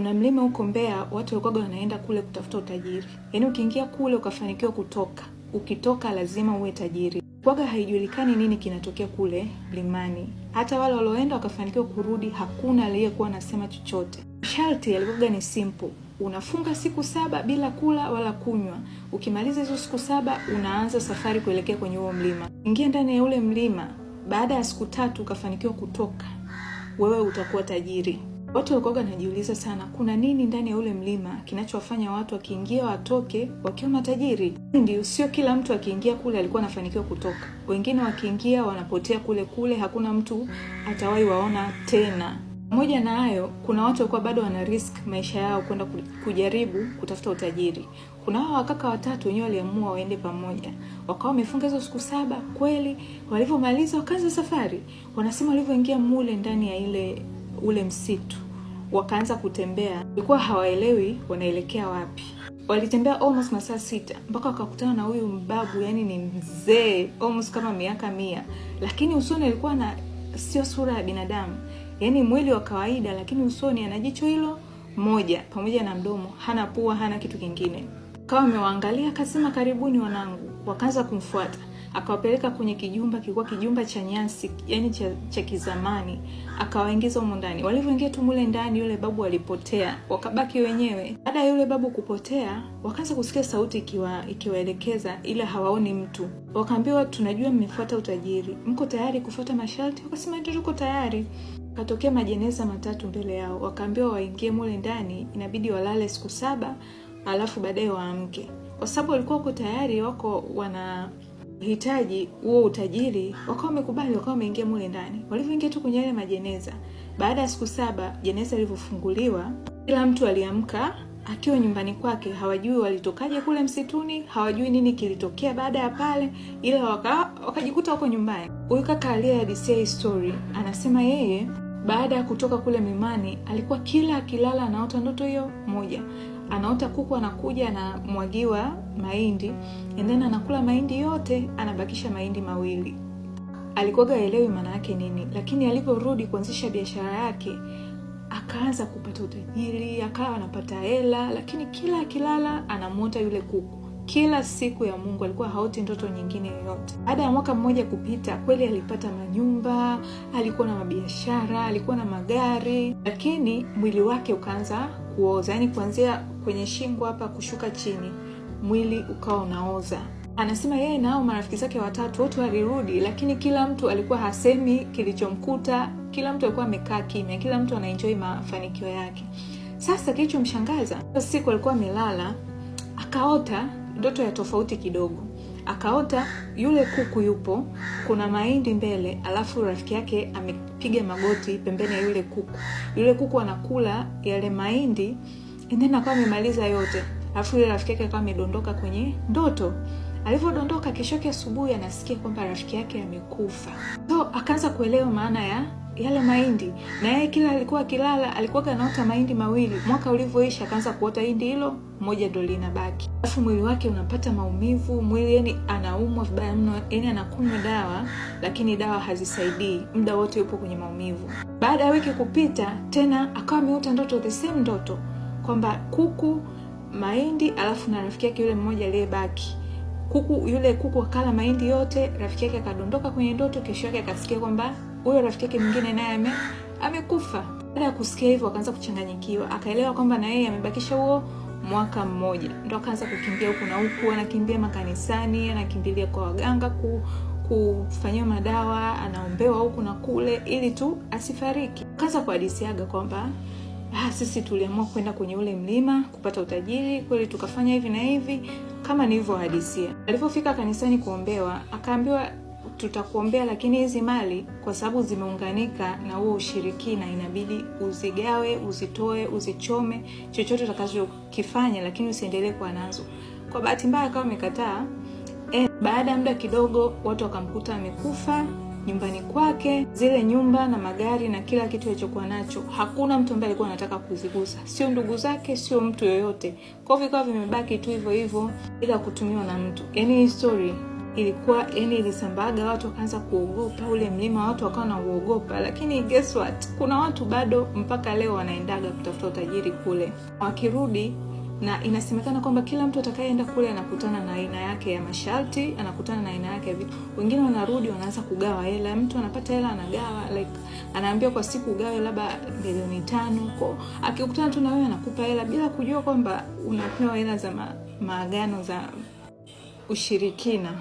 Kuna mlima huko Mbeya watu walikuwa wanaenda kule kutafuta utajiri. Yaani ukiingia kule ukafanikiwa kutoka, ukitoka lazima uwe tajiri. Kwaga haijulikani nini kinatokea kule mlimani. Hata wale walioenda wakafanikiwa kurudi, hakuna aliyekuwa anasema chochote. Sharti yalikuwa ni simple. Unafunga siku saba bila kula wala kunywa. Ukimaliza hizo siku saba, unaanza safari kuelekea kwenye huo mlima. Ingia ndani ya ule mlima, baada ya siku tatu ukafanikiwa kutoka, wewe utakuwa tajiri. Watu wakuaga najiuliza sana, kuna nini ndani ya ule mlima kinachowafanya watu wakiingia watoke wakiwa matajiri? Ndio, sio kila mtu akiingia kule alikuwa anafanikiwa kutoka. Wengine wakiingia wanapotea kule kule, hakuna mtu atawahi waona tena. Pamoja na hayo, kuna watu walikuwa bado wana risk maisha yao kwenda kujaribu kutafuta utajiri. Kuna hao wakaka watatu wenyewe waliamua waende pamoja, wakawa wamefunga hizo siku saba. Kweli walivyomaliza wakaanza safari, wanasema walivyoingia mule ndani ya ile ule msitu, wakaanza kutembea. Walikuwa hawaelewi wanaelekea wapi. Walitembea almost masaa sita mpaka wakakutana na huyu mbabu, yani ni mzee almost kama miaka mia, lakini usoni alikuwa na sio sura ya binadamu, yani mwili wa kawaida, lakini usoni ana jicho hilo moja pamoja na mdomo, hana pua, hana kitu kingine. Kawa amewaangalia akasema, karibuni wanangu. Wakaanza kumfuata akawapeleka kwenye kijumba, kilikuwa kijumba cha nyasi, yani cha, cha kizamani, akawaingiza humo ndani. Walivyoingia tu mule ndani, yule babu alipotea, wakabaki wenyewe. Baada ya yule babu kupotea, wakaanza kusikia sauti ikiwaelekeza ikiwa ila hawaoni mtu. Wakaambiwa, tunajua mmefuata utajiri, mko tayari kufuata masharti? Wakasema ndio, tuko tayari. Katokea majeneza matatu mbele yao, wakaambiwa waingie mule ndani, inabidi walale siku saba alafu baadaye waamke, kwa sababu walikuwa wako tayari, wako wana hitaji huo utajiri, wakawa wamekubali, wakawa wameingia mule ndani. Walivyoingia tu kwenye yale majeneza, baada ya siku saba jeneza lilivyofunguliwa, kila mtu aliamka akiwa nyumbani kwake. Hawajui walitokaje kule msituni, hawajui nini kilitokea baada ya pale, ila wakajikuta waka huko nyumbani. Huyu kaka aliyehadisia hii story anasema yeye baada ya kutoka kule mimani, alikuwa kila akilala anaota ndoto hiyo moja anaota kuku anakuja anamwagiwa mahindi and anakula mahindi yote, anabakisha mahindi mawili. Alikuwaga aelewi maana yake nini, lakini alivyorudi kuanzisha biashara yake akaanza kupata utajiri, akawa anapata hela, lakini kila akilala anamwota yule kuku kila siku ya Mungu, alikuwa haoti ndoto nyingine yoyote. Baada ya mwaka mmoja kupita, kweli alipata manyumba, alikuwa na mabiashara, alikuwa na magari, lakini mwili wake ukaanza kuoza, yaani kuanzia kwenye shingo hapa kushuka chini, mwili ukawa unaoza. Anasema yeye nao marafiki zake watatu wote walirudi, lakini kila mtu alikuwa hasemi kilichomkuta. Kila mtu alikuwa amekaa kimya, kila mtu anaenjoi mafanikio yake. Sasa kilichomshangaza, siku alikuwa amelala akaota ndoto ya tofauti kidogo. Akaota yule kuku yupo, kuna mahindi mbele, alafu rafiki yake amepiga magoti pembeni ya yule kuku. Yule kuku anakula yale mahindi and then akawa amemaliza yote, alafu yule rafiki yake akawa amedondoka kwenye ndoto. Alivyodondoka kesho yake asubuhi, anasikia kwamba rafiki yake amekufa, so akaanza kuelewa maana ya yale mahindi na yeye kila alikuwa akilala alikuwa kanaota mahindi mawili. Mwaka ulivyoisha akaanza kuota hindi hilo moja ndo linabaki, alafu mwili wake unapata maumivu mwili, yani anaumwa vibaya mno, yani anakunywa dawa lakini dawa hazisaidii, muda wote yupo kwenye maumivu. Baada ya wiki kupita, tena akawa ameota ndoto the same ndoto kwamba kuku, mahindi, alafu na rafiki yake yule mmoja aliyebaki kuku. Yule kuku akala mahindi yote, rafiki yake akadondoka kwenye ndoto. Kesho yake akasikia kwamba huyo rafiki yake mwingine naye ame amekufa. Baada ya kusikia hivyo, akaanza kuchanganyikiwa, akaelewa kwamba na yeye amebakisha huo mwaka mmoja, ndo akaanza kukimbia huku na huku, anakimbia makanisani, anakimbilia kwa waganga ku kufanyiwa madawa, anaombewa huku na kule, ili tu asifariki. kaanza kuhadisiaga kwamba ah, sisi tuliamua kwenda kwenye ule mlima kupata utajiri, kweli tukafanya hivi na hivi, kama nilivyohadisia. Alipofika kanisani kuombewa, akaambiwa tutakuombea, lakini hizi mali kwa sababu zimeunganika na huo ushirikina, inabidi uzigawe, uzitoe, uzichome, chochote utakachokifanya, lakini usiendelee kuwa nazo. Kwa bahati mbaya akawa amekataa. E, eh, baada ya muda kidogo watu wakamkuta amekufa nyumbani kwake. Zile nyumba na magari na kila kitu alichokuwa nacho, hakuna mtu ambaye alikuwa anataka kuzigusa, sio ndugu zake, sio mtu yoyote. Kwa hivyo vikawa vimebaki tu hivyo hivyo bila kutumiwa na mtu. Yaani hii story ilikuwa yani ilisambaga, watu wakaanza kuogopa ule mlima, watu wakawa na uogopa. Lakini guess what, kuna watu bado mpaka leo wanaendaga kutafuta utajiri kule, wakirudi na inasemekana kwamba kila mtu atakayeenda kule anakutana na aina yake ya masharti, anakutana na aina yake ya vitu. Wengine wanarudi wanaanza kugawa hela, mtu anapata hela anagawa, like anaambia kwa siku ugawe labda milioni tano ko akikutana tu na wewe anakupa hela bila kujua kwamba unapewa hela za ma, maagano za ushirikina.